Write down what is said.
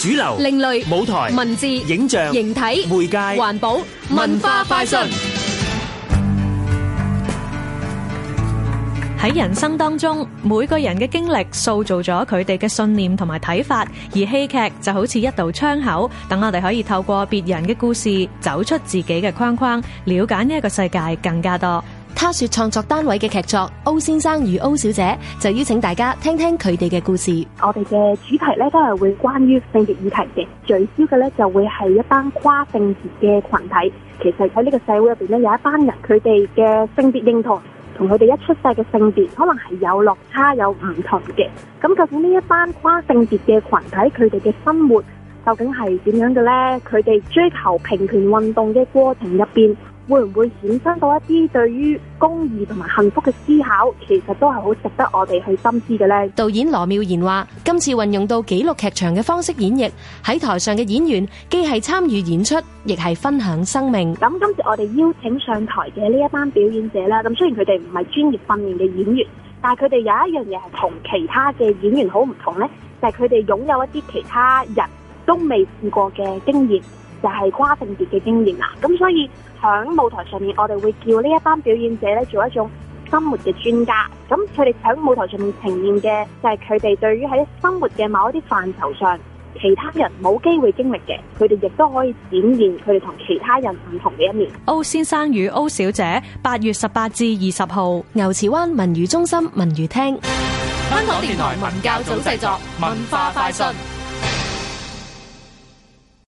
主流、另類、舞台、文字、影像、形體、媒介、環保、文化快訊。喺人生當中，每個人嘅經歷塑造咗佢哋嘅信念同埋睇法，而戲劇就好似一道窗口，等我哋可以透過別人嘅故事，走出自己嘅框框，了解呢個世界更加多。他說創作單位嘅劇作《歐先生與歐小姐》就邀請大家聽聽佢哋嘅故事。我哋嘅主題咧都係會關於性別議題嘅，最主要嘅咧就會係一班跨性別嘅群體。其實喺呢個社會入邊咧，有一班人佢哋嘅性別認同同佢哋一出世嘅性別可能係有落差有唔同嘅。咁究竟呢一班跨性別嘅群體佢哋嘅生活究竟係點樣嘅咧？佢哋追求平權運動嘅過程入邊。會唔會衍生到一啲對於公義同埋幸福嘅思考？其實都係好值得我哋去深思嘅呢？導演羅妙賢話：今次運用到紀錄劇場嘅方式演繹，喺台上嘅演員既係參與演出，亦係分享生命。咁今次我哋邀請上台嘅呢一班表演者喇，咁雖然佢哋唔係專業訓練嘅演員，但係佢哋有一樣嘢係同其他嘅演員好唔同呢，就係佢哋擁有一啲其他人都未試過嘅經驗。就係跨性別嘅經驗啦，咁所以喺舞台上面，我哋會叫呢一班表演者咧做一種生活嘅專家。咁佢哋喺舞台上面呈現嘅就係佢哋對於喺生活嘅某一啲範疇上，其他人冇機會經歷嘅，佢哋亦都可以展現佢哋同其他人唔同嘅一面。O 先生與 O 小姐，八月十八至二十號，牛池灣文娛中心文娛廳。香港電台文教組製作文化快訊。